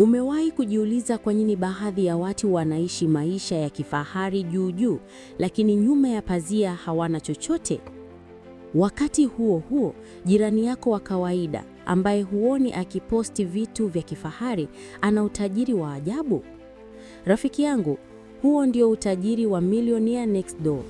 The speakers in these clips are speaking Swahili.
Umewahi kujiuliza kwa nini baadhi ya watu wanaishi maisha ya kifahari juu juu, lakini nyuma ya pazia hawana chochote? Wakati huo huo, jirani yako wa kawaida ambaye huoni akiposti vitu vya kifahari ana utajiri wa ajabu. Rafiki yangu, huo ndio utajiri wa Millionaire Next Door.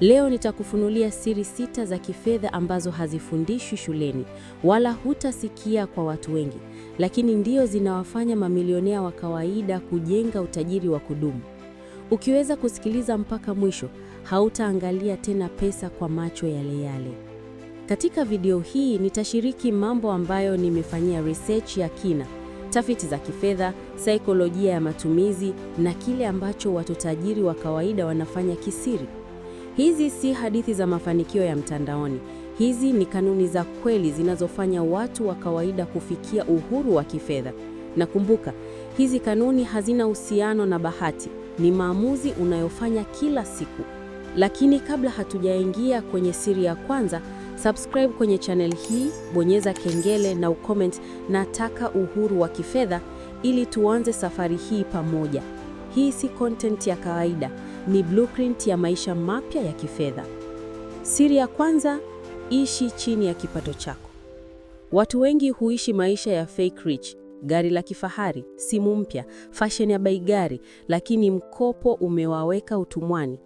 Leo nitakufunulia siri sita za kifedha ambazo hazifundishwi shuleni wala hutasikia kwa watu wengi, lakini ndio zinawafanya mamilionea wa kawaida kujenga utajiri wa kudumu. Ukiweza kusikiliza mpaka mwisho, hautaangalia tena pesa kwa macho yale yale. Katika video hii nitashiriki mambo ambayo nimefanyia research ya kina, tafiti za kifedha, saikolojia ya matumizi na kile ambacho watu tajiri wa kawaida wanafanya kisiri. Hizi si hadithi za mafanikio ya mtandaoni. Hizi ni kanuni za kweli zinazofanya watu wa kawaida kufikia uhuru wa kifedha. Na kumbuka, hizi kanuni hazina uhusiano na bahati, ni maamuzi unayofanya kila siku. Lakini kabla hatujaingia kwenye siri ya kwanza, subscribe kwenye channel hii, bonyeza kengele na ucomment nataka uhuru wa kifedha ili tuanze safari hii pamoja. Hii si content ya kawaida ni blueprint ya maisha mapya ya kifedha. Siri ya kwanza, ishi chini ya kipato chako. Watu wengi huishi maisha ya fake rich, gari la kifahari, simu mpya, fashion ya bei gari, lakini mkopo umewaweka utumwani.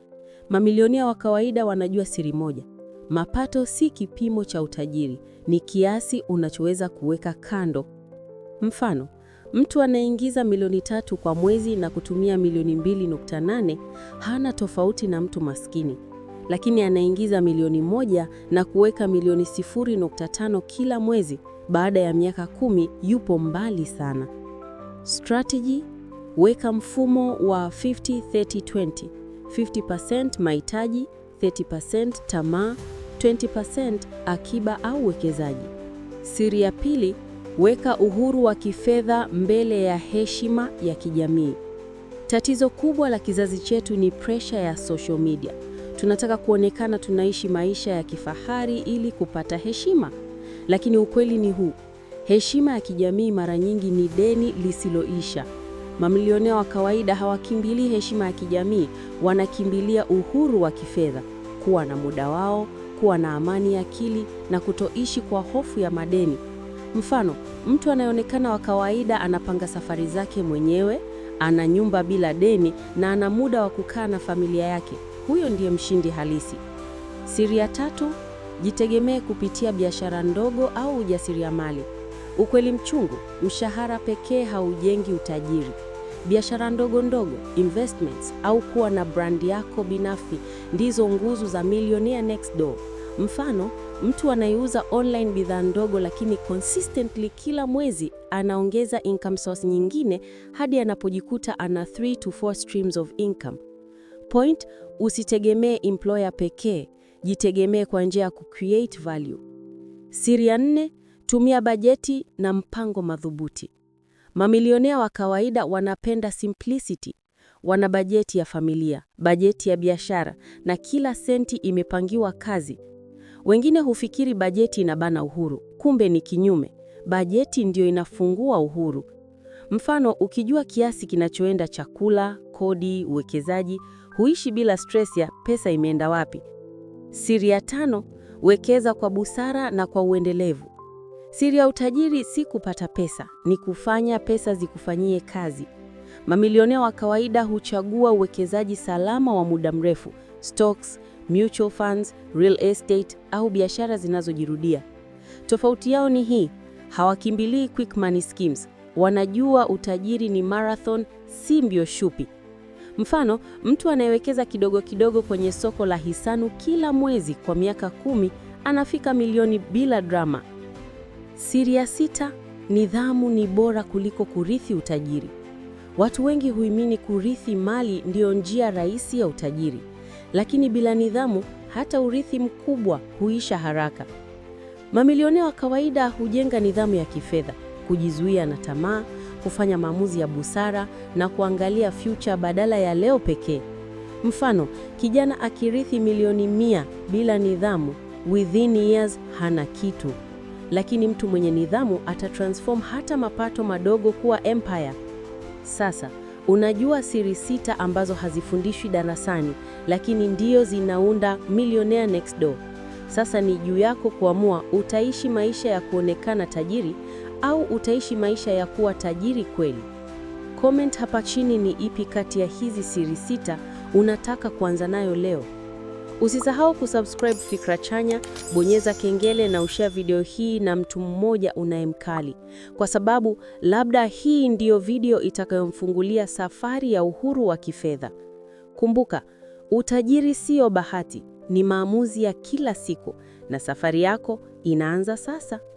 Mamilionia wa kawaida wanajua siri moja. Mapato si kipimo cha utajiri, ni kiasi unachoweza kuweka kando. Mfano, Mtu anayeingiza milioni tatu kwa mwezi na kutumia milioni mbili nukta nane hana tofauti na mtu maskini, lakini anaingiza milioni moja na kuweka milioni sifuri nukta tano kila mwezi baada ya miaka kumi yupo mbali sana. Strategy: weka mfumo wa 50 30 20, 50% mahitaji, 30% tamaa, 20% akiba au wekezaji. Siri ya pili Weka uhuru wa kifedha mbele ya heshima ya kijamii. Tatizo kubwa la kizazi chetu ni presha ya social media. Tunataka kuonekana tunaishi maisha ya kifahari ili kupata heshima, lakini ukweli ni huu: heshima ya kijamii mara nyingi ni deni lisiloisha. Mamilionea wa kawaida hawakimbilii heshima ya kijamii, wanakimbilia uhuru wa kifedha, kuwa na muda wao, kuwa na amani ya akili na kutoishi kwa hofu ya madeni. Mfano, mtu anayeonekana wa kawaida anapanga safari zake mwenyewe, ana nyumba bila deni na ana muda wa kukaa na familia yake. Huyo ndiye mshindi halisi. Siri ya tatu, jitegemee kupitia biashara ndogo au ujasiriamali. Ukweli mchungu, mshahara pekee haujengi utajiri. Biashara ndogo ndogo, investments au kuwa na brandi yako binafsi ndizo nguzo za Millionaire Next Door. Mfano, mtu anayeuza online bidhaa ndogo, lakini consistently kila mwezi anaongeza income source nyingine hadi anapojikuta ana 3 to 4 streams of income. Point, usitegemee employer pekee, jitegemee kwa njia ya kucreate value. Siri ya nne, tumia bajeti na mpango madhubuti. Mamilionea wa kawaida wanapenda simplicity. Wana bajeti ya familia, bajeti ya biashara na kila senti imepangiwa kazi, wengine hufikiri bajeti inabana uhuru, kumbe ni kinyume. Bajeti ndiyo inafungua uhuru. Mfano, ukijua kiasi kinachoenda chakula, kodi, uwekezaji, huishi bila stress ya pesa imeenda wapi. Siri ya tano, wekeza kwa busara na kwa uendelevu. Siri ya utajiri si kupata pesa, ni kufanya pesa zikufanyie kazi. Mamilionea wa kawaida huchagua uwekezaji salama wa muda mrefu, stocks, mutual funds, real estate au biashara zinazojirudia. Tofauti yao ni hii, hawakimbilii quick money schemes. Wanajua utajiri ni marathon, si mbio shupi. Mfano, mtu anayewekeza kidogo kidogo kwenye soko la Hisanu kila mwezi kwa miaka kumi anafika milioni bila drama. Siri ya sita, nidhamu ni bora kuliko kurithi utajiri. Watu wengi huimini kurithi mali ndiyo njia rahisi ya utajiri lakini bila nidhamu, hata urithi mkubwa huisha haraka. Mamilionea wa kawaida hujenga nidhamu ya kifedha, kujizuia na tamaa, kufanya maamuzi ya busara na kuangalia future badala ya leo pekee. Mfano, kijana akirithi milioni mia bila nidhamu, within years hana kitu. Lakini mtu mwenye nidhamu atatransform hata mapato madogo kuwa empire. Sasa Unajua siri sita ambazo hazifundishwi darasani, lakini ndio zinaunda Millionaire Next Door. Sasa ni juu yako kuamua, utaishi maisha ya kuonekana tajiri au utaishi maisha ya kuwa tajiri kweli? Comment hapa chini ni ipi kati ya hizi siri sita unataka kuanza nayo leo. Usisahau kusubscribe Fikra Chanya, bonyeza kengele na ushare video hii na mtu mmoja unayemkali, kwa sababu labda hii ndiyo video itakayomfungulia safari ya uhuru wa kifedha. Kumbuka, utajiri sio bahati, ni maamuzi ya kila siku, na safari yako inaanza sasa.